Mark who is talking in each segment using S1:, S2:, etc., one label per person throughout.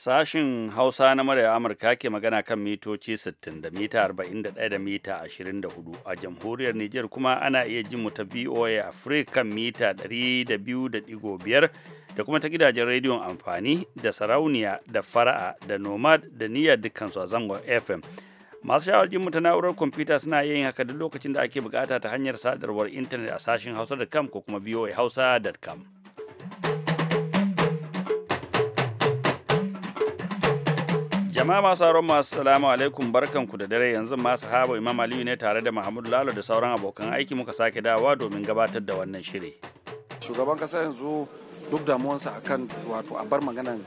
S1: Sashin Hausa na murya Amurka ke magana kan mitoci 60 da mita 41 da mita 24 a jamhuriyar Nijar kuma ana iya jin mu ta VOA Africa kan mita 200.5 da kuma ta gidajen rediyon amfani da sarauniya da fara'a da nomad da niyyar dukkansu a zangon FM. Masu sha'awar jin mu ta na'urar kwamfuta suna iya yin haka duk lokacin da ake bukata ta hanyar sadarwar intanet a sashin hausa.com ko kuma voahausa.com. Jama'a masu sauran masu salamu alaikum ku da dare yanzu ma sahaba Imam Aliyu ne tare da Muhammadu Lalo da sauran abokan aiki muka sake dawowa domin gabatar da wannan shiri.
S2: Shugaban kasa yanzu duk damuwansa akan wato a bar maganan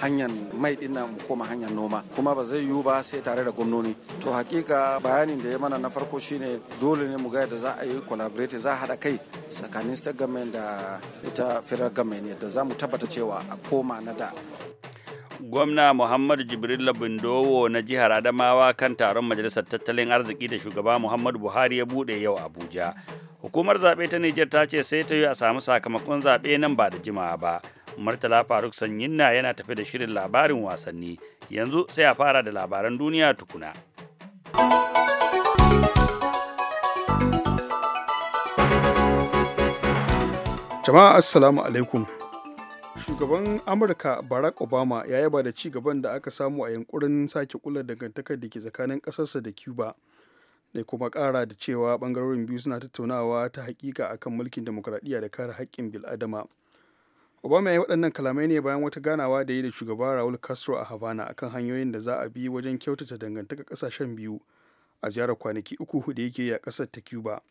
S2: hanyar mai din nan koma hanyar noma kuma ba zai yiwu ba sai tare da gwamnoni to hakika bayanin da ya mana na farko shine dole ne mu ga da za a yi collaborate za a haɗa kai tsakanin state government da ita federal government yadda za mu tabbata cewa a koma na da
S1: gwamna muhammadu jibril bindowo na jihar adamawa kan taron majalisar tattalin arziki da shugaba muhammadu buhari ya bude yau abuja hukumar zaɓe ta nijar ta ce sai ta yi a samu sakamakon zaɓe nan ba da jimawa ba murtala faruk sanyinna yana tafi da shirin labarin wasanni yanzu sai a fara da labaran duniya tukuna
S3: jama'a assalamu alaikum shugaban amurka barack obama ya yaba da ci gaban da aka samu a yankurin sake kula dangantakar da ke tsakanin kasarsa da cuba da kuma kara da cewa bangarorin biyu suna tattaunawa ta hakika akan mulkin demokradiyya da kare haƙƙin bil'adama obama ya yi waɗannan kalamai ne bayan wata ganawa da yi da shugaba raul castro a havana akan hanyoyin da za a bi wajen kyautata dangantakar ƙasashen biyu a ziyarar kwanaki uku da yake yi a ƙasar ta cuba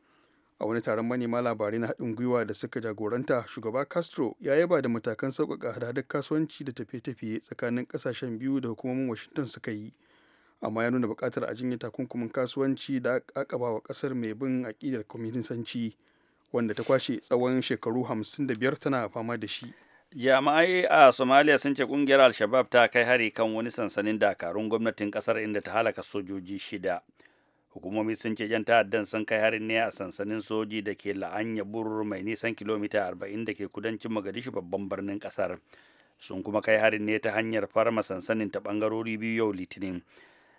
S3: a wani taron manema labarai na haɗin gwiwa da suka jagoranta shugaba castro ya yaba da matakan sauƙaƙa hada kasuwanci da tafiye-tafiye tsakanin ƙasashen biyu da hukumomin washington suka yi amma ya nuna buƙatar a jinya takunkumin kasuwanci da aka wa ƙasar mai bin aƙidar sanci wanda ta kwashe tsawon shekaru hamsin da biyar tana fama da shi
S1: jami'ai a somalia sun ce kungiyar al-shabab ta kai hari kan wani sansanin dakarun gwamnatin kasar inda ta halaka sojoji shida hukumomi sun ce yan ta'addan sun kai harin ne a sansanin soji da ke la'anya bur mai nisan kilomita arba'in da ke kudancin magadishi babban birnin kasar sun kuma kai harin ne ta hanyar farma sansanin ta bangarori biyu yau litinin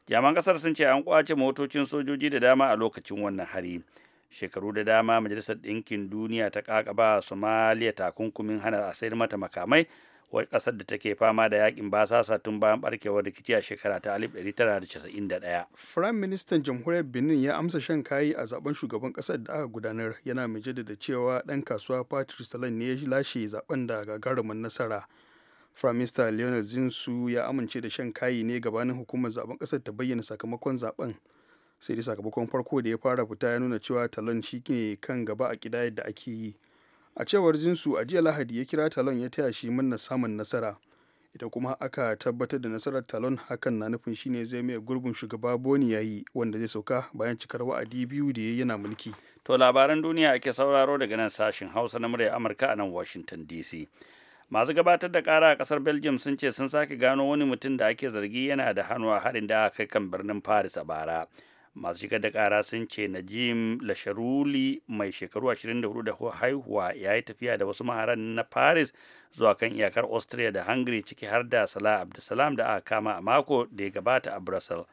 S1: jaman kasar sun ce an kwace motocin sojoji da dama a lokacin wannan hari shekaru da dama majalisar ɗinkin duniya ta kakaba somaliya takunkumin hana a sayar mata makamai wai kasar da take fama da yakin basasa tun bayan barkewar rikici a shekara ta 1991.
S3: Firayim Ministan Jamhuriyar Benin ya amsa shan kayi a zaben shugaban kasar da aka gudanar yana mai jaddada cewa ɗan kasuwa Patrice Talon ne ya lashe zaben da gagarumin nasara. Firayim Minista Leonard Zinsu ya amince da shan kayi ne gabanin hukumar zaben kasar ta bayyana sakamakon zaben. Sai dai sakamakon farko da ya fara fita ya nuna cewa Talon shi kan gaba a kidayar da ake yi. a cewar jinsu a jiya lahadi ya kira talon ya taya shi murna samun nasara ita kuma aka tabbatar da nasarar talon hakan na nufin shine zai mai gurbin shugaba boni yayi wanda zai sauka bayan cikar wa'adi biyu da ya yana mulki
S1: to labaran duniya ake sauraro daga nan sashen hausa na murya amurka a nan washington dc masu gabatar da kara a kasar belgium sun ce sun sake gano wani mutum da ake zargi yana da hannu a harin da aka kai kan birnin paris a bara masu shigar da kara sun ce najim lasharuli mai shekaru 24 da haihuwa ya yi tafiya da wasu maharan na paris zuwa kan iyakar austria da hungary ciki har da salah abdulsalam da aka kama a mako da ya gabata a brussels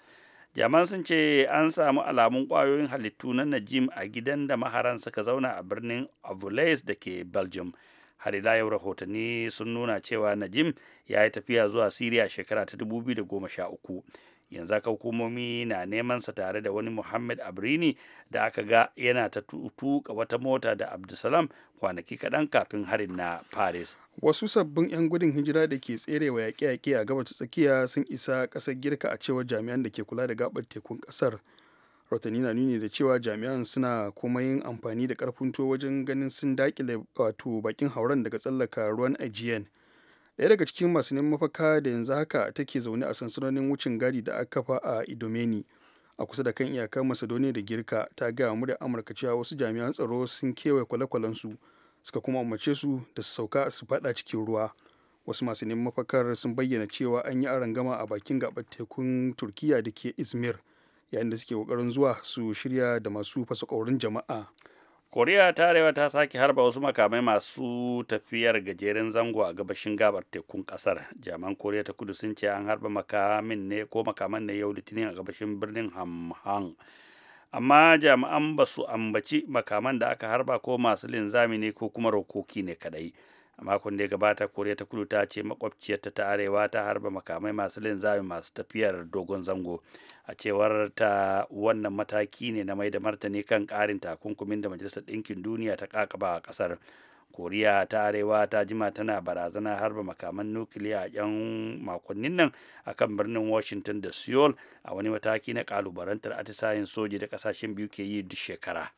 S1: jaman sun ce an samu alamun kwayoyin halittu na najim a gidan da maharan suka zauna a birnin avulais da ke belgium har ila yau rahotanni sun nuna cewa najim ya yi tafiya zuwa siriya shekara ta 2013 yanzu haka hukumomi na neman sa tare da wani muhammad abrini da aka ga yana ta tuka wata mota da abdulsalam kwanaki kaɗan kafin harin na paris
S3: wasu sabbin 'yan gudun hijira da ke tsere wa yaƙe-yaƙe a gabata tsakiya sun isa ƙasar girka a cewar jami'an da ke kula da gabar tekun ƙasar rotani na nuni da cewa jami'an suna kuma yin amfani da karfin tuwo wajen ganin sun dakile wato bakin hauren daga tsallaka ruwan aegean daya daga cikin masu mafaka da yanzu haka take zaune a sansanonin wucin gadi da aka fa a idomeni a kusa da kan iyakar macedonia da girka ta gaya mu da amurka cewa wasu jami'an tsaro sun kewaye kwale-kwalensu suka kuma umarce su da su sauka su fada cikin ruwa wasu masu mafakar sun bayyana cewa an yi arangama a bakin gabar tekun turkiya da ke izmir yayin da suke kokarin zuwa su shirya da masu fasa jama'a
S1: koriya ta arewa ta sake harba wasu makamai masu tafiyar gajeren zango a gabashin gabar tekun kasar jaman koriya ta kudu sun ce an harba makamin ne ko makaman ne yau litinin a gabashin birnin hamhang amma jami'an ba su ambaci makaman da aka harba ko masu linzami ne ko kuma rokoki ne kadai a makon da ya gabata koriya ta kudu ta ce makwabciyarta ta arewa ta harba makamai masu linzami masu tafiyar dogon zango a cewar ta wannan mataki ne na mai da martani kan karin takunkumin da majalisar ɗinkin duniya ta kakaba a ƙasar koriya ta arewa ta jima tana barazana harba makaman nukiliya a yan makonnin nan a kan birnin washington da seoul a wani mataki na kalubarantar atisayen soji da kasashen biyu ke yi duk shekara.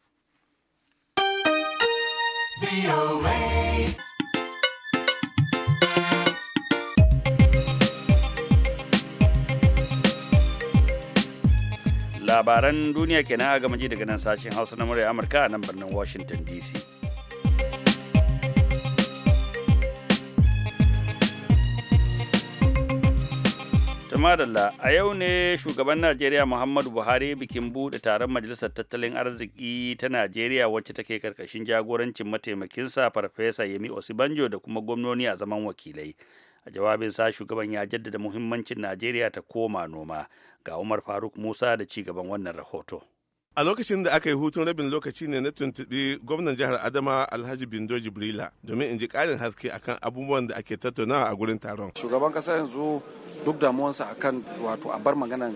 S1: labaran duniya kenan a gamaji daga nan sashen hausa na murya amurka a nan birnin washington dc madalla a yau ne shugaban najeriya muhammadu buhari bikin buɗe taron majalisar tattalin arziki ta najeriya wacce take karkashin jagorancin mataimakinsa farfesa yemi osibanjo da kuma gwamnoni a zaman wakilai a jawabin sa shugaban ya jaddada muhimmancin najeriya ta koma noma ga umar faruk musa da ci gaban wannan rahoto
S4: a lokacin da aka yi hutun rabin lokaci ne na tuntuɓi gwamnan jihar adama alhaji bindo jibrila domin in ji ƙarin haske akan abubuwan da ake
S2: tattaunawa a gurin taron shugaban ƙasa yanzu duk damuwansa akan wato a bar maganan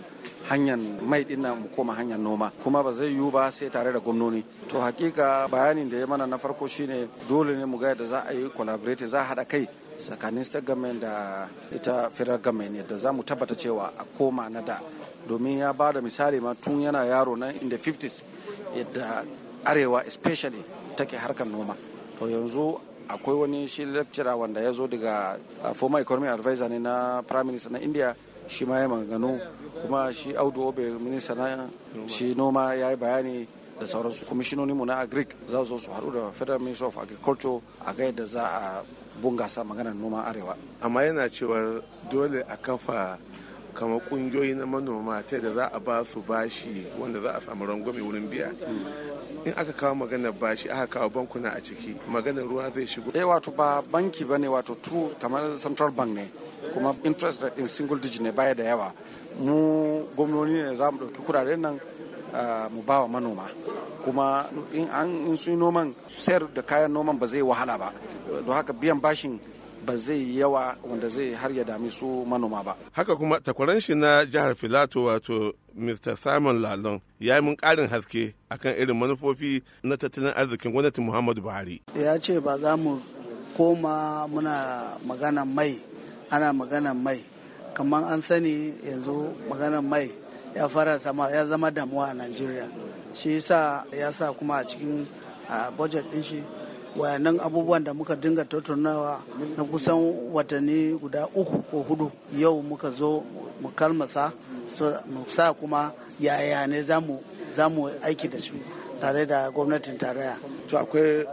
S2: hanyar mai din mu koma hanyar noma kuma ba zai yiwu ba sai tare da gwamnoni to hakika bayanin da ya mana na farko shine dole ne mu ga yadda za a yi collaborate za a haɗa kai tsakanin state government da ita federal government yadda za mu tabbata cewa a koma na da domin ya ba da misali ma tun yana yaro na in the 50s yadda arewa especially take harkar noma to yanzu akwai wani shi lecturer wanda ya zo daga uh, former economy advisor ne na prime minister na india shi ma ya magano kuma shi audu obe minister na shi noma ya yi bayani da sauransu kwamishinoninmu na agric za su su haɗu da federal minister of agriculture a ga yadda za a bungasa maganar noma arewa
S4: amma yana cewar dole a kafa kamar kungiyoyi na manoma ta da za a ba su bashi wanda za a samu rangwame wurin biya hmm. in aka kawo maganar
S2: bashi aka kawo bankuna a ciki maganar ruwa zai shigo eh wato ba banki bane wato true kamar central bank ne kuma interest rate in single digit ne baya da yawa mu gwamnoni ne za mu ɗauki kuraren nan ah, mu ba wa manoma kuma in sun yi noman sayar da kayan noman ba zai wahala ba don haka biyan bashin ba zai yi yawa wanda zai har ya dami su manoma ba.
S4: Haka kuma takwaran shi na jihar Filato wato Mr. Simon Lalon ya yi mun ƙarin haske akan irin manufofi na tattalin arzikin gwamnati Muhammadu Buhari.
S5: Ya ce ba za mu koma muna magana mai ana magana mai kamar an sani yanzu magana mai ya fara sama ya zama damuwa a Najeriya. Shi yasa ya sa kuma a cikin budget ɗin shi wayannan abubuwan da muka dinga tattaunawa na kusan watanni guda uku ko hudu yau muka zo mu kalmasa mu sa kuma yaya ne za mu aiki da su tare da gwamnatin tarayya.
S4: To akwai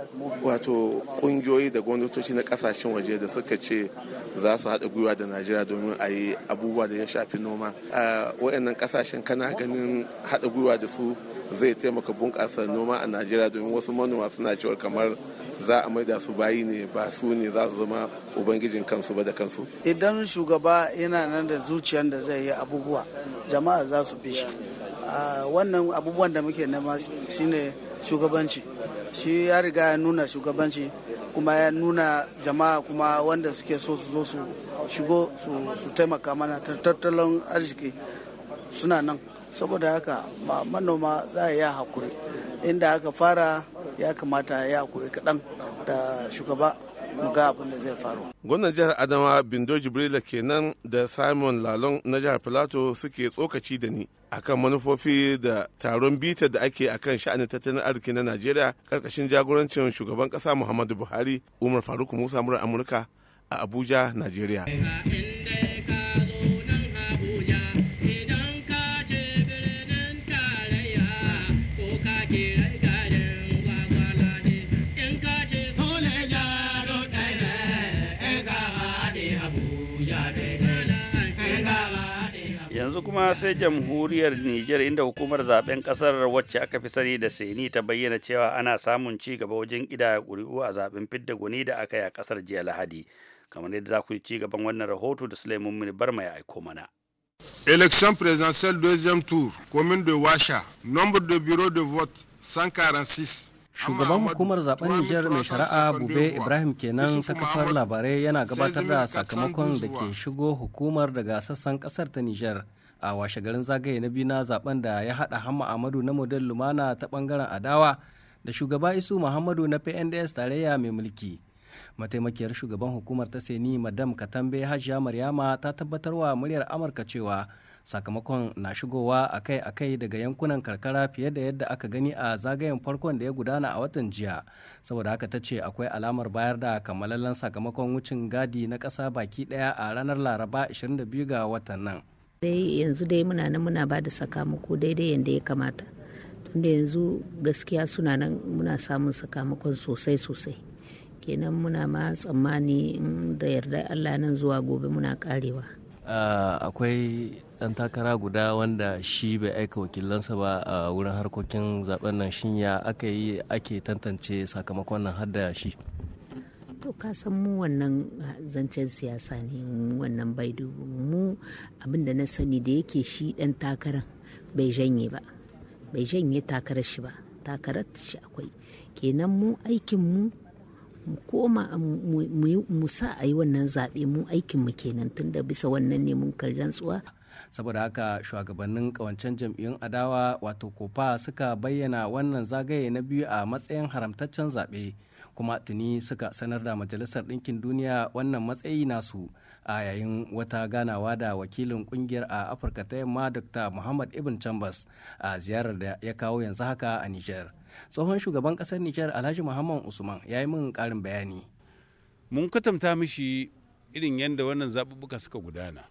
S4: wato kungiyoyi da gwamnatoci na kasashen waje da suka ce za su haɗa gwiwa da Najeriya domin a yi abubuwa da ya shafi noma. A wayannan kasashen kana ganin haɗa gwiwa da su zai taimaka bunƙasa noma a najeriya domin wasu manoma suna cewa kamar za a maida su bayi ne ba su ne za su zama ubangijin kansu ba da kansu
S5: idan shugaba yana nan da zuciyar da zai yi abubuwa jama'a za su bi shi wannan abubuwan da muke nema shine shugabanci shi ya riga ya nuna shugabanci kuma ya nuna jama'a kuma wanda suke so su zo su shigo su taimaka mana tattalin arziki suna nan saboda haka manoma za a yi hakuri inda aka fara ya kamata ya hakuri kaɗan da shugaba mu ga abin da zai faru.
S4: Gwamnan jihar Adama Bindo Jibrila kenan da Simon Lalong na jihar Plateau suke tsokaci da ni akan manufofi da taron bita da ake akan sha'anin tattalin arziki na Najeriya karkashin jagorancin shugaban kasa Muhammadu Buhari Umar Faruk Musa murar Amurka a Abuja, Najeriya.
S1: yanzu kuma sai jamhuriyar Nijar inda hukumar zaben kasar wacce aka fi sani da Seni ta bayyana cewa ana samun ci gaba wajen ƙida ƙuri'u a zaben fidda gwani da aka yi a kasar jiya Lahadi. Kamar yadda za ku ci gaban wannan rahoto da Suleiman Mini Barma ya aiko mana.
S6: Election présidentielle deuxième tour, commune de Washa, nombre de bureaux de vote 146.
S7: shugaban hukumar zaben Nijar mai shari'a Bube Ibrahim kenan ta kafar labarai yana gabatar da sakamakon da ke shigo hukumar daga sassan kasar ta Nijar a washe garin zagaye na biyu na zaben da ya haɗa hamma amadu na model lumana ta ɓangaren adawa da shugaba isu muhammadu na pnds tarayya mai mulki mataimakiyar shugaban hukumar ta seni madam katambe hajiya maryama ta tabbatar wa muryar amurka cewa sakamakon na shigowa akai-akai daga yankunan karkara fiye da yadda aka gani a zagayen farkon da ya gudana a watan jiya saboda haka ta ce akwai alamar bayar da kammalallen sakamakon wucin gadi na ƙasa baki ɗaya a ranar laraba 22 ga watan nan.
S8: dai yanzu dai muna nan muna ba da sakamako daidai yadda ya kamata tunda yanzu gaskiya suna nan muna samun sakamakon sosai sosai kenan muna ma tsammani da yarda allah nan zuwa gobe muna karewa
S7: akwai dan takara guda wanda shi bai aika wakilansa ba a wurin harkokin zaben nan shinya aka yi ake tantance sakamakon nan har shi
S8: to ka san mu wannan zancen siyasa ne wannan baidu mu abin na sani da yake shi dan takarar bai janye ba bai janye takarar shi ba takarar shi akwai kenan mu aikin mu koma mu sa a yi wannan zaɓe mu aikin mu kenan tun da bisa wannan ne mun karjan
S7: saboda haka shugabannin kawancen jam'iyyun adawa wato kofa suka bayyana wannan zagaye na biyu a matsayin haramtaccen zaɓe kuma tuni suka sanar da majalisar ɗinkin duniya wannan matsayi nasu a yayin wata ganawa da wakilin kungiyar a afirka ta yamma dr muhammad ibn chambers a ziyarar da ya kawo yanzu haka a niger tsohon shugaban ƙasar niger alhaji muhammad usman ya yi min ƙarin bayani mun kwatanta mishi irin yadda wannan zaɓuɓɓuka suka gudana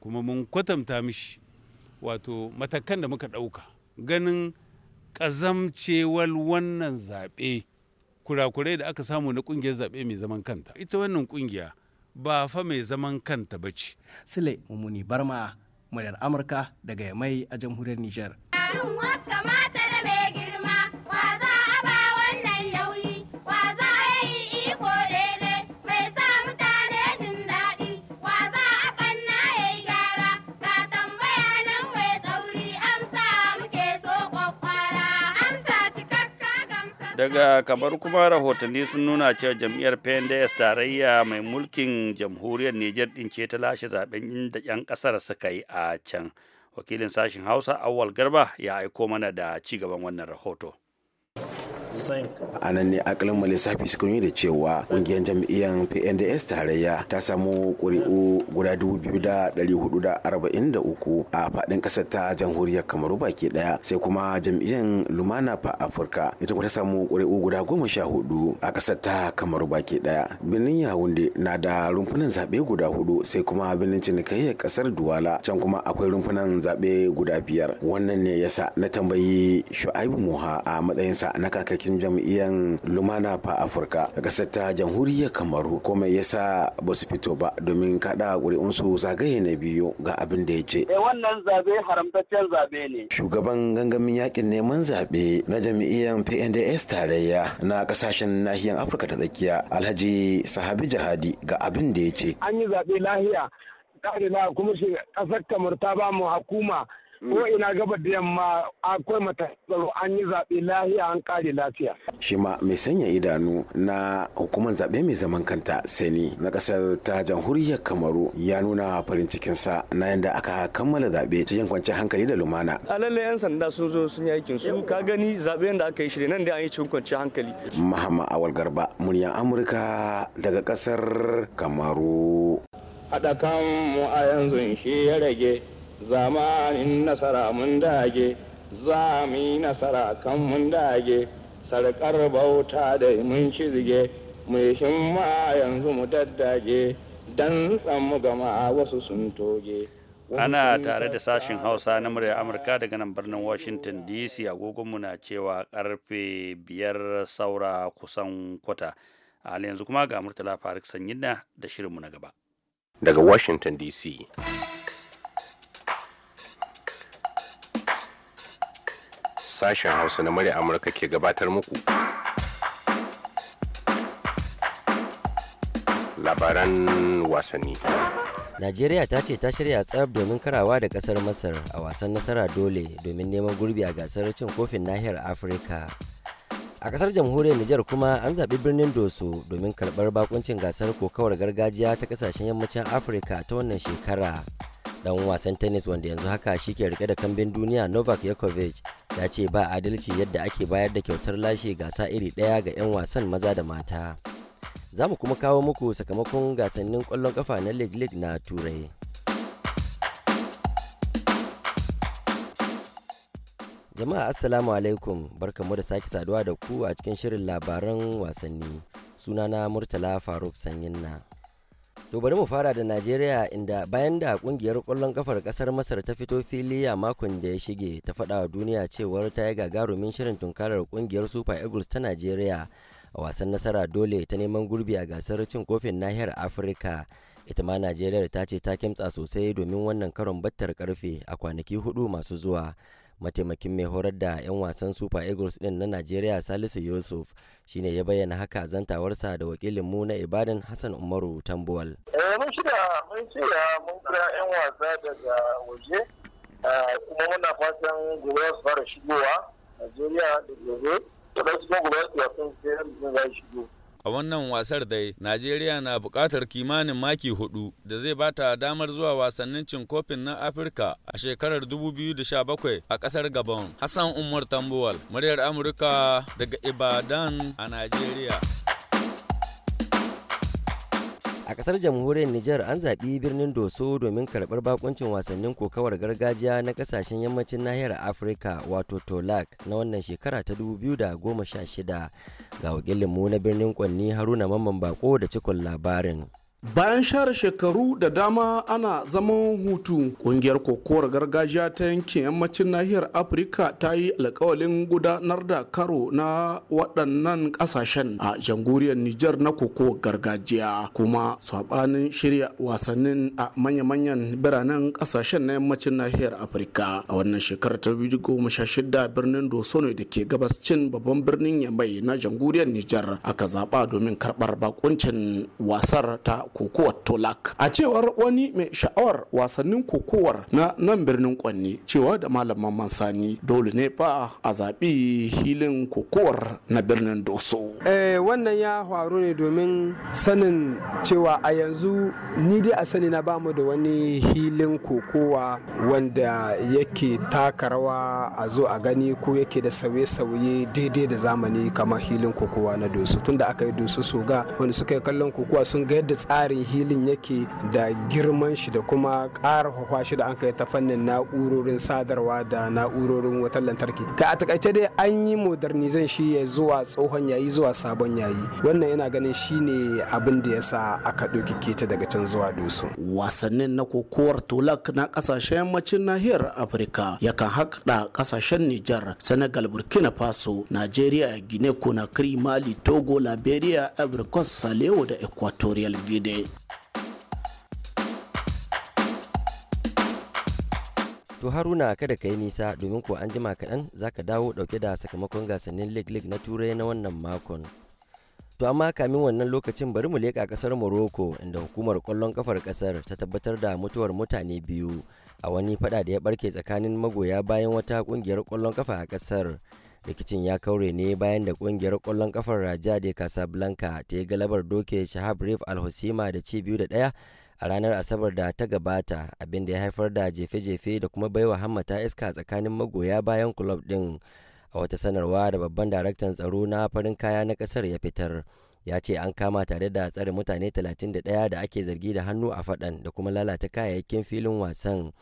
S7: kuma mun kwatanta mishi wato matakan da muka ɗauka ganin ƙazamcewar wannan zaɓe kurakurai da aka samu na kungiyar zaɓe mai zaman kanta ita wannan kungiya ba fa mai zaman kanta ba ce sile mummuni barma muryar amurka daga mai a jamhuriyar niger
S1: daga kamar kuma rahotanni sun nuna cewa jam'iyyar pnds tarayya mai mulkin jamhuriyar niger din ce ta lashe zaben inda 'yan kasar suka yi a can wakilin sashen hausa awal garba ya aiko mana da ci gaban wannan rahoto
S6: a nan ne akalin mu lissafi suka da cewa kungiyar jam'iyyar pnds tarayya ta samu ƙuri'u guda dubu da arba'in da uku a faɗin ƙasar ta jamhuriyar kamaru baki ɗaya sai kuma jam'iyyar lumana fa afirka ita kuma ta samu ƙuri'u guda goma sha hudu a ƙasar ta kamaru baki ɗaya birnin yawunde na da rumfunan zaɓe guda hudu sai kuma birnin cinikayyar ƙasar duwala can kuma akwai rumfunan zaɓe guda biyar wannan ne yasa na tambayi shu'aibu muha a matsayinsa na kakaki kakakin jam'iyyar lumana fa afirka a ƙasar ta jamhuriyar kamaru kuma ya yasa ba su fito ba domin kaɗa su zagaye na biyu ga abin da ya ce. Eh,
S5: wannan zabe haramtaccen
S6: zabe ne. shugaban gangamin yakin neman zaɓe na jam'iyyar pnds tarayya na ƙasashen nahiyar afirka ta tsakiya alhaji sahabi jihadi ga abin da ya ce. an yi zaɓe lahiya kuma shi ƙasar kamar ta ba mu hukuma ko ina gaba da yamma akwai mata tsaro an yi zaɓe lahiya an kare lafiya. shi ma mai sanya idanu na hukumar zaɓe mai zaman kanta sani. na ƙasar ta jamhuriyar kamaru ya nuna farin cikinsa na yadda aka kammala zaɓe cikin kwanciyar hankali da lumana.
S7: a yan sanda sun zo sun yi aikin su ka gani zaɓen da aka yi shi nan da an yi cikin kwanciyar hankali.
S6: mahama awal garba muryar amurka daga ƙasar kamaru.
S3: haɗa mu a yanzu shi ya rage zamanin nasara mun dage za mu yi nasara kan mun dage sarkar
S6: bauta da mun shirge mu yi shimma yanzu mu daddage
S3: don tsammu gama wasu sun toge
S1: ana tare da sashin hausa na murya amurka daga nan birnin washington dc agogonmu na cewa karfe biyar saura kusan kwata a yanzu kuma ga murtala Faruk sanyin da shirinmu na gaba
S6: daga washington dc sashen hausa na murya amurka ke gabatar muku labaran wasanni
S9: najeriya ta ce ta shirya tsab domin karawa da kasar masar a wasan nasara dole domin neman gurbi a gasar cin kofin nahiyar afirka a kasar jamhuriyar nijar kuma an zaɓi birnin doso domin karɓar bakuncin gasar kokawar gargajiya ta kasashen yammacin afirka ta wannan shekara dan wasan tennis wanda yanzu haka shi ke rike da kambin duniya novak yakovic ya ce ba adalci yadda ake bayar da kyautar lashe gasa iri ɗaya ga 'yan wasan maza da mata za mu kuma kawo muku sakamakon gasannin ƙwallon kafa na league league na turai jama'a assalamu alaikum barkamu da sake saduwa da ku a cikin shirin labaran wasanni sunana murtala faruk sanyin na To bari mu fara da Najeriya inda bayan da kungiyar kwallon kafar kasar Masar ta fito fili a makon da ya shige ta faɗa wa duniya cewa ta yi gagarumin shirin tunkarar kungiyar Super Eagles ta Najeriya a wasan nasara dole ta neman gurbi a gasar cin kofin nahiyar Afirka. Ita ma Najeriya ta ce ta kimtsa sosai domin wannan karon battar karfe a kwanaki hudu masu zuwa. mataimakin mai horar da 'yan wasan super eagles din na najeriya salisu yusuf shine ya bayyana haka zantawarsa da wakilin na ibadan hassan umaru tambuwal
S1: eh, mun
S4: shiga mun shirya mun kira 'yan wasa daga waje eh, kuma muna fatan gobe su fara shigowa najeriya da gobe da kuma gobe su wasan
S7: sai shigo
S8: a wannan wasar dai najeriya na bukatar kimanin maki hudu da zai bata damar zuwa wasannin cin kofin na afirka a shekarar 2017 a ƙasar gabon hassan umar tambuwal muryar amurka daga ibadan a najeriya
S9: a kasar jamhuriyar Nijar, an zaɓi birnin doso domin karɓar bakuncin wasannin kokawar gargajiya na kasashen yammacin nahiyar afirka wato tolak na wannan shekara ta 2016 ga wakilinmu na birnin kwanni haruna mamman bako da cikon labarin Bayan share
S10: shekaru da dama ana zaman hutu, kungiyar kokowar gargajiya ta yankin yammacin nahiyar Afirka ta yi alkawalin gudanar da karo na waɗannan ƙasashen a janguriyar Nijar na koko gargajiya kuma saɓanin shirya wasannin a manya-manyan biranen ƙasashen na yammacin nahiyar Afirka. A wannan shekarar ta biyu, goma sha shida birnin Dosono da ke gabas cin babban birnin Yamai na janguriyar Nijar aka zaɓa domin karɓar bakuncin wasar ta kokowar tolak a cewar wani mai sha'awar wasannin kokowar na nan birnin kwanne cewa da malaman mansani sani dole ne fa a zaɓi hilin kokowar na birnin doso eh, wannan ya faru ne domin sanin cewa a yanzu ni dai a sani na bamu da wani hilin kokowa wanda yake taka rawa a zo a gani ko yake da sauye-sauye daidai da zamani kamar hilin kokowa na doso tunda aka yi doso soga wanda suka yi kallon kokowa sun ga yadda tsari tsarin hilin yake da girman shi da kuma ƙara shi da an kai ta fannin na'urorin sadarwa da na'urorin wutar lantarki ka a takaice dai an yi modernizan shi ya zuwa tsohon yayi zuwa sabon yayi wannan yana ganin shine abin da sa aka ɗauki keta daga can zuwa dusu wasannin na kokowar tulak na ƙasashen yammacin nahiyar afirka yakan haɗa ƙasashen nijar senegal burkina faso nigeria guinea conakry mali togo liberia ivory coast salewo da equatorial guinea daidai
S9: to haruna kada ka yi nisa domin ko an jima kaɗan za ka dawo ɗauke da sakamakon gasannin league league na turai na wannan makon to amma kamin wannan lokacin bari mu leƙa ƙasar morocco inda hukumar ƙwallon ƙafar ƙasar ta tabbatar da mutuwar mutane biyu a wani fada da ya ɓarke tsakanin magoya bayan wata ƙungiyar ƙwallon ƙafa a ƙasar rikicin ya kaure ne bayan da kungiyar kwallon kafar raja de casablanca ta yi galabar doke shahab reef al-husima da ci biyu da daya a ranar asabar da ta gabata abinda ya haifar da jefe-jefe da kuma baiwa hammata iska tsakanin magoya bayan kulob din a wata sanarwa da babban daraktan tsaro na farin kaya na kasar ya fitar ya ce an kama tare da tsare mutane 31 da ake zargi da hannu a faɗan da kuma lalata kayayyakin filin wasan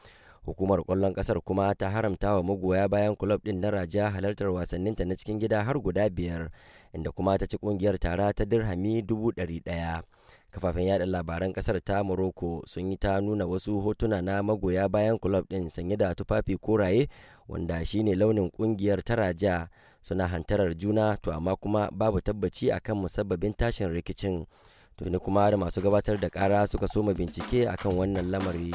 S9: hukumar kwallon kasar kuma ta haramta wa magoya bayan kulob din na raja halartar wasanninta na cikin gida har guda biyar inda kuma ta ci kungiyar tara ta dirhami dubu ɗari ɗaya kafafen yada labaran kasar ta morocco sun yi ta nuna wasu hotuna na magoya bayan kulob din sanye da tufafi koraye wanda shine launin kungiyar ta raja suna hantarar juna to amma kuma babu tabbaci akan musabbabin tashin rikicin tuni kuma da masu gabatar da kara suka soma bincike akan wannan lamari.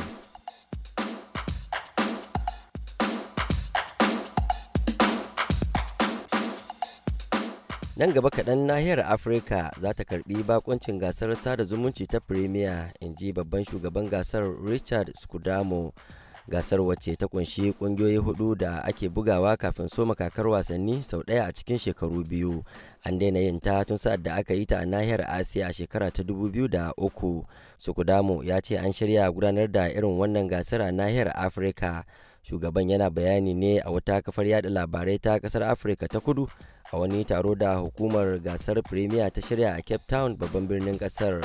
S9: nan gaba kaɗan nahiyar afirka za ta karbi bakoncin gasar sada zumunci ta premier in ji babban shugaban gasar richard scudamo gasar wacce ta kunshi kungiyoyi hudu da ake bugawa kafin soma kakar wasanni sau ɗaya a cikin shekaru biyu an daina yin ta tun sa'ad da aka yi ta a nahiyar asiya a shekara ta 2003 sukudamu ya ce an shirya gudanar da irin wannan gasar a nahiyar afirka shugaban yana bayani ne a wata kafar yada labarai ta kasar afirka ta kudu a wani taro da hukumar gasar premier ta shirya a cape town babban birnin kasar.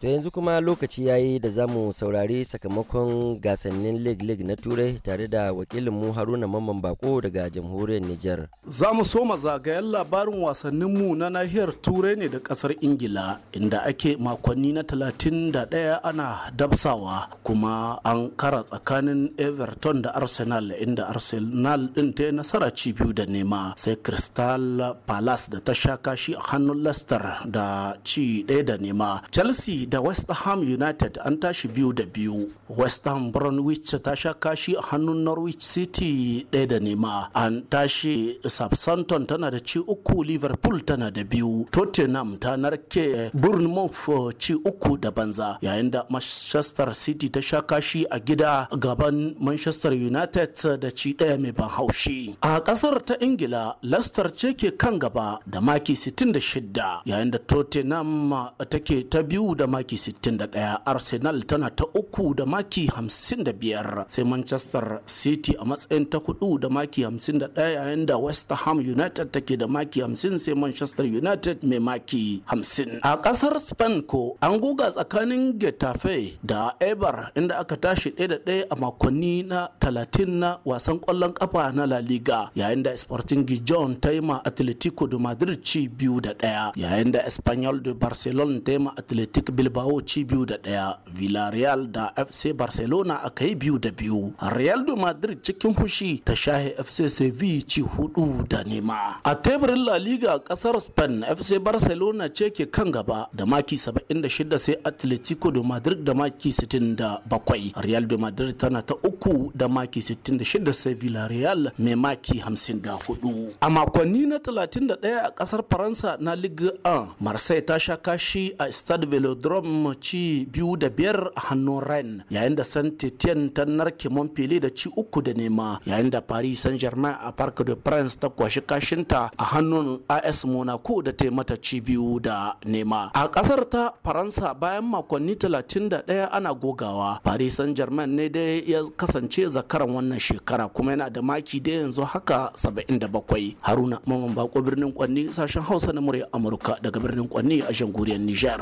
S9: to yanzu kuma lokaci ya yi da zamu saurari sakamakon gasannin league league na turai tare da wakilinmu haruna mamman bako daga jamhuriyar niger
S10: za mu soma zagayen labarin wasannin mu na nahiyar turai ne da kasar ingila inda ake makonni na 31 ana dabsawa kuma an kara tsakanin everton da arsenal inda arsenal din ta yi nasara ci biyu da nema sai crystal palace da ta sha kashi a hannun leicester da ci ɗaya da nema chelsea da west ham united an tashi biyu da biyu west ham bromwich ta sha kashi a hannun norwich city ɗaya da nema an tashi southampton tana da ci uku liverpool tana da biyu tottenham ta narke bournemouth ci uku da banza yayin da manchester city ta sha kashi a gida gaban manchester united da ci ɗaya mai ban haushi a ƙasar ta ingila leicester ce ke kan gaba da maki 66 yayin da tottenham take ta biyu da maki 61 arsenal tana ta uku da maki 55 sai manchester city a matsayin ta hudu da maki 51 yayin da west ham united take da maki 50 sai manchester united mai maki 50 a kasar spain ko an guga tsakanin getafe da ebar inda aka tashi ɗaya da ɗaya a makonni na talatin na wasan kwallon kafa na la liga yayin da sporting gijon ta yi ma atletico de madrid ci biyu da ɗaya yayin da espanyol de barcelona ta yi ma atletico bilbao ci biyu da daya villarreal da fc barcelona aka yi biyu da biyu real do madrid cikin fushi ta shahe fc sevilla ci hudu da nema a teburin la liga kasar spain fc barcelona ce ke kan gaba da maki 76 sai atletico do madrid da maki 67 real do madrid tana ta uku da maki 66 sai villarreal mai maki 54 a makonni na 31 a kasar faransa na ligue 1 marseille ta sha kashi a stade velodrome rom ci biyu da biyar a hannun ren yayin da saint etienne ta narke montpellier da ci uku da nema yayin da paris saint germain a parc de prince ta kwashi kashinta a hannun as monaco da ta mata ci biyu da nema a kasar ta faransa bayan makonni 31 ana gogawa paris saint germain ne dai ya kasance zakaran wannan shekara kuma yana da maki da yanzu haka 77 haruna mamman bako birnin kwanni sashen hausa na murya amurka daga birnin kwanni a jamhuriyar niger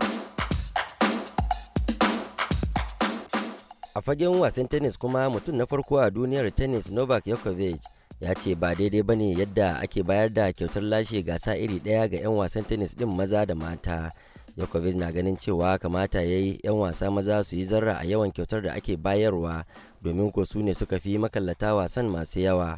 S9: a fagen wasan tennis kuma mutum na farko a duniyar tennis novak yakovic ya ce ba daidai ba ne yadda ake bayar da kyautar lashe gasa iri daya ga 'yan wasan tennis din maza da mata yakovic na ganin cewa kamata ya yi 'yan wasa maza su yi zarra a yawan kyautar da ake bayarwa domin ko su ne suka fi makallata wasan masu yawa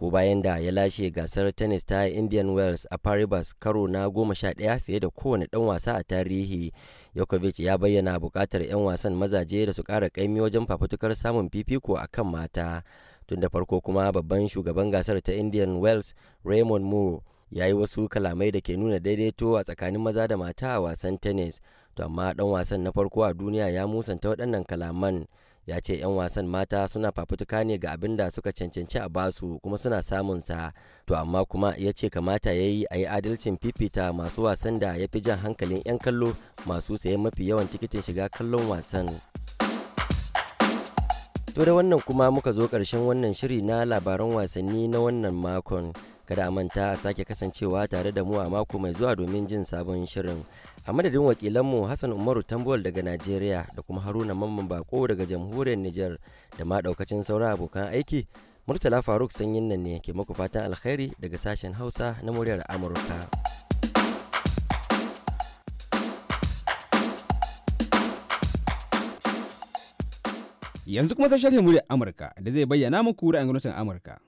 S9: ko bayan da ya lashe gasar tennis ta indian wells a paribas karo na goma sha ɗaya fiye da kowane dan wasa a tarihi yokovic ya bayyana bukatar 'yan wasan mazaje da su kara kaimi wajen fafutukar samun fifiko a kan mata. Tun da farko kuma babban shugaban gasar ta Indian Wells Raymond Moore ya yi wasu kalamai da ke nuna daidaito a tsakanin maza da mata a wasan tennis. To amma dan wasan na farko a duniya ya musanta waɗannan kalaman. ya ce 'yan wasan mata suna fafutuka ne ga abin da suka cancanci a basu kuma suna samun sa to amma kuma ya ce kamata ya yi a yi adalcin fifita masu wasan da ya fi jan hankalin 'yan kallo masu sayan mafi yawan tikitin shiga kallon wasan to da wannan kuma muka zo ƙarshen wannan shiri na labaran wasanni na wannan makon kada a manta a sake kasancewa tare da mu a mako mai zuwa domin jin sabon shirin a madadin wakilanmu hassan umaru tambol daga najeriya da kuma haruna mamman bako daga jamhuriyar niger da ma daukacin sauran abokan aiki murtala faruk sanyin nan ne ke muku fatan alkhairi daga sashen hausa na muryar amurka
S8: yanzu kuma ta muryar amurka da zai bayyana muku ra'ayin gwamnatin amurka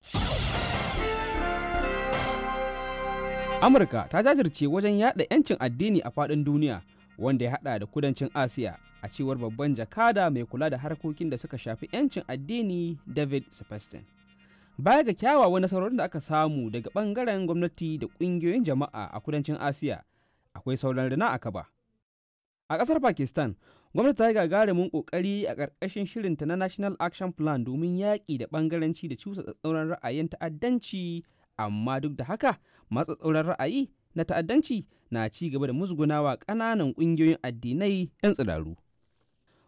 S8: Amurka ta jajirce wajen yada 'yancin addini a faɗin duniya wanda ya hada da kudancin Asiya a cewar babban jakada mai kula da harkokin da suka shafi 'yancin addini David Sebastian. Baya ga kyawawan nasarorin da aka samu daga bangaren gwamnati da kungiyoyin jama'a a kudancin Asiya, akwai sauran rina a kaba. A ƙasar Pakistan, gwamnati ta yi gagarumin ƙoƙari a ƙarƙashin shirinta na National Action Plan domin yaƙi da ɓangaranci da cusa tsatsauran ra'ayin ta'addanci amma duk da haka matsatsauran ra'ayi na ta'addanci na ci gaba da musgunawa ƙananan ƙungiyoyin addinai 'yan tsiraru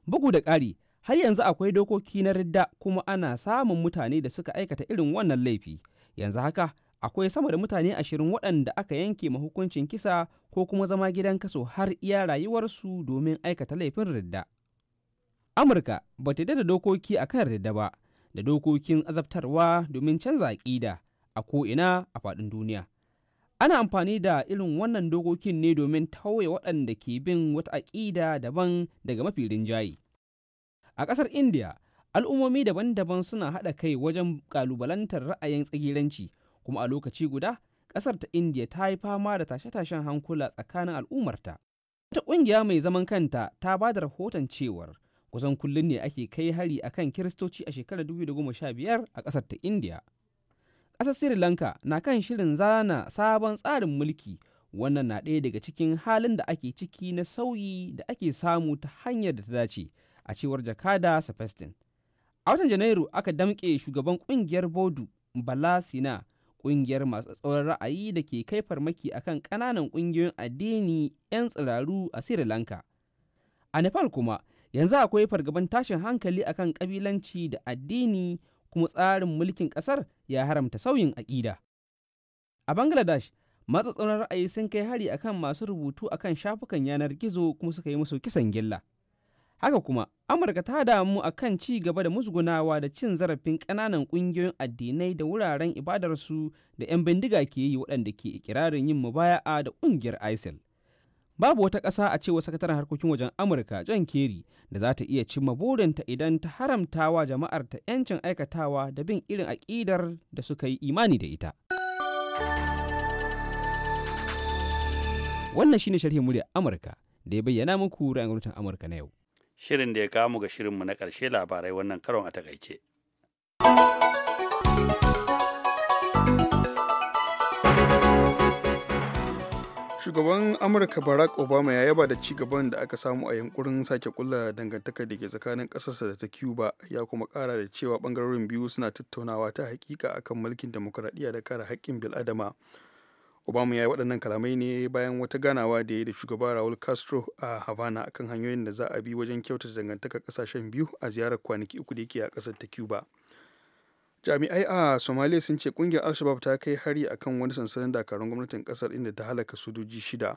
S8: bugu da ƙari har yanzu akwai dokoki na ridda kuma ana samun mutane da suka aikata irin wannan laifi yanzu haka akwai sama da mutane ashirin waɗanda aka yanke ma hukuncin kisa ko kuma zama gidan kaso har iya rayuwarsu domin aikata laifin ridda amurka ba ta da dokoki a kan ridda ba da dokokin azabtarwa domin canza aƙida a ko'ina a faɗin duniya. Ana amfani da irin wannan dokokin ne domin tauye waɗanda ke bin wata aƙida daban daga mafi rinjaye. A ƙasar India, al'ummomi daban-daban suna haɗa kai wajen ƙalubalantar ra'ayin tsagiranci, kuma a lokaci guda, ƙasar ta India ta yi fama da tashe-tashen hankula tsakanin al'ummarta. Wata ƙungiya mai zaman kanta ta ba da rahoton cewar kusan kullum ne ake kai hari akan Kiristoci a shekarar 2015 a ƙasar ta India. ƙasar sri lanka na kan shirin zana sabon tsarin mulki wannan na ɗaya daga cikin halin da ake ciki na sauyi da ake samu ta hanyar da ta dace a cewar jakada safestin a watan janairu aka damƙe shugaban ƙungiyar bodu bala sina ƙungiyar masu tsawon ra'ayi da ke kai farmaki akan ƙananan ƙungiyoyin addini 'yan tsiraru a sri lanka a nepal kuma yanzu akwai fargaban tashin hankali akan ƙabilanci da addini kuma tsarin mulkin ƙasar ya haramta sauyin aƙida. A Bangladesh, tsaunar ra'ayi sun kai hari akan masu rubutu akan shafukan yanar gizo kuma suka yi musu kisan gilla. Haka kuma, Amurka ta damu a kan ci gaba da musgunawa da cin zarafin ƙananan ƙungiyoyin addinai da wuraren ibadarsu da 'yan bindiga ke yi waɗanda ke ikirarin yin mubaya'a da ƙungiyar ISIL. babu wata ƙasa a cewa sakataren harkokin wajen amurka john kerry da za ta iya cimma burinta idan ta haramtawa wa jama'ar ta 'yancin aikatawa da bin irin aƙidar da suka yi imani da ita wannan shine sharhin murya amurka da ya bayyana muku ra'ayin gwamnatin amurka na yau
S1: shirin da ya kawo mu ga shirinmu na ƙarshe labarai wannan karon a takaice.
S3: shugaban amurka barack obama ya yaba da cigaban da aka samu a yankurin sake kulla dangantaka da ke tsakanin kasarsa da ta cuba ya kuma kara da cewa bangarorin biyu suna tattaunawa ta hakika akan mulkin demokuraɗiyya da kare haƙƙin bil'adama obama ya yi waɗannan kalamai ne bayan wata ganawa da ya yi da shugaba raul castro a havana akan hanyoyin da za a bi wajen kyautata dangantakar ƙasashen biyu a ziyarar kwanaki uku da yake a kasar ta cuba jami'ai a somalia sun ce kungiyar alshabab ta kai hari akan wani sansanin dakarun gwamnatin kasar inda ta halaka sojoji shida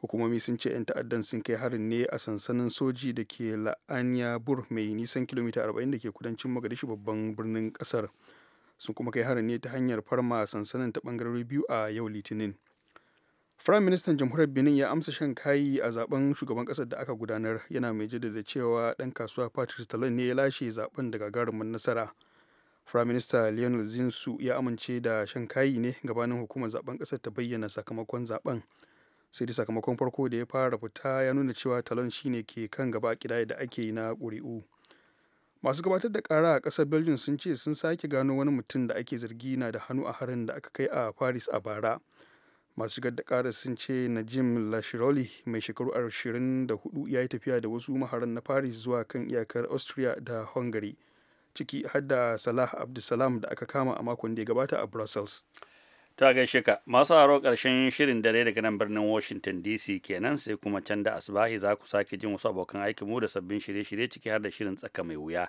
S3: hukumomi sun ce 'yan ta'addan sun kai harin ne a sansanin soji da ke la'anya bur mai nisan kilomita 40 da ke kudancin mogadishu babban birnin kasar sun kuma kai harin ne ta hanyar farma sansanin ta bangarori biyu a yau litinin firayim ministan jamhuriyar benin ya amsa shan kayi a zaben shugaban kasar da aka gudanar yana mai jaddada cewa dan kasuwa patrice talon ne ya lashe zaben da gagarumin nasara firaminista lionel zinsu ya amince da shan kayi ne gabanin hukumar zaben kasar ta bayyana sakamakon zaben sai da sakamakon farko da ya fara fita ya nuna cewa talon shine ke kan gaba a da ake yi na ƙuri'u masu gabatar da kara a ƙasar belgium sun ce sun sake gano wani mutum da ake zargi na da hannu a harin da aka kai a paris a bara masu shigar da ƙara sun ce najim lashiroli mai shekaru ashirin da 24 ya yi tafiya da wasu maharan na paris zuwa kan iyakar austria da hungary ciki har da salah abdulsalam da aka kama a makon da ya gabata a brussels
S1: ta gaishe ka masu haro ƙarshen shirin dare daga nan birnin washington dc kenan sai kuma can da asibahi za ku sake jin wasu abokan aiki mu da sabbin shirye-shirye ciki har da shirin tsaka mai wuya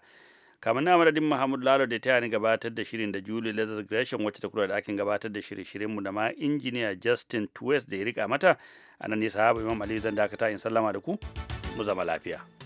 S1: kamar na madadin Muhammad Lalo da ta ni gabatar da shirin da Julie Leather Gresham wacce ta kula da akin gabatar da shirye mu da ma injiniya Justin Twist da ya rika mata a nan ne sahaba Imam Ali zan dakata in sallama da ku mu zama lafiya.